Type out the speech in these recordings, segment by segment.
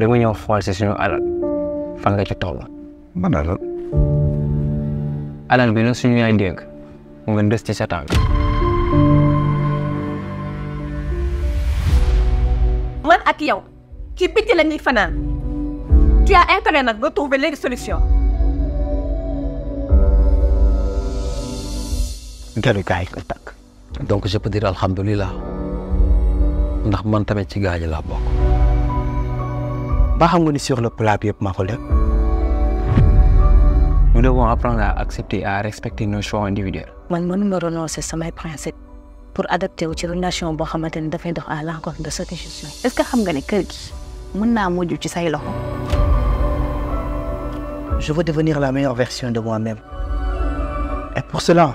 li ma ñëw xool si suñu alal fan nga ci toll. man alal. alal bi la suñu yaay dégg nga des ci sa tànk. man ak yow ci bitti la ñuy fanaan tu as intérêt nag nga trouver léegi solution. garukaay ko takk. donc je peux dire alhamdulilah ndax man tamit ci gaañ laa bokk. ba xam nga ni sur le plat bi ko nous devons apprendre à accepter et à respecter nos choix individuels. man mënuma renoncer mes principe pour adapter wu ci relation boo xamante ni dox à l'encontre de ce que je suis. est-ce que xam nga ne kër gi mën naa mujj ci say loxo. je veux devenir la meilleure version de moi-même et pour cela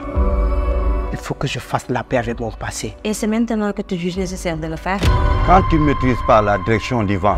il faut que je fasse la paix avec mon passé. et c'est maintenant que tu juges nécessaire de le faire. quand tu ne maîtrises pas la direction du vent.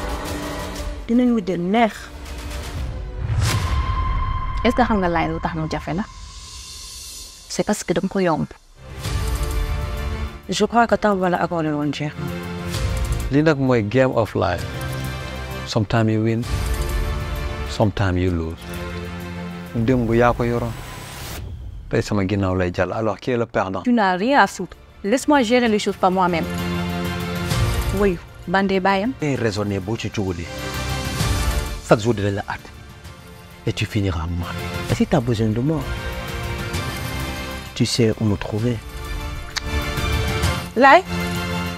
dinañ wujjee neex. est-ce que xam nga laay lu tax mu jafe la c'est parce que dama ko yomb. je crois que temps wala accordé woon jeex. lii nag mooy game of life sometimes yu win sometimes you lose. démb yaa ko yoroon. tey sama ginnaaw lay jal alors qui est le perdant. tu n'as rien à foutre. laisse-moi gérer les choses par moi-même. wéyu. bandé baayam. ngay raisonné boo ci juguli. de la hâte. Et tu finiras mal. Et si tu as besoin de moi, tu sais où nous trouver. Là,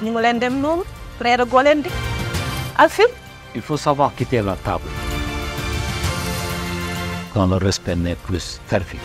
nous allons Il faut savoir quitter la table. Quand le respect n'est plus servi.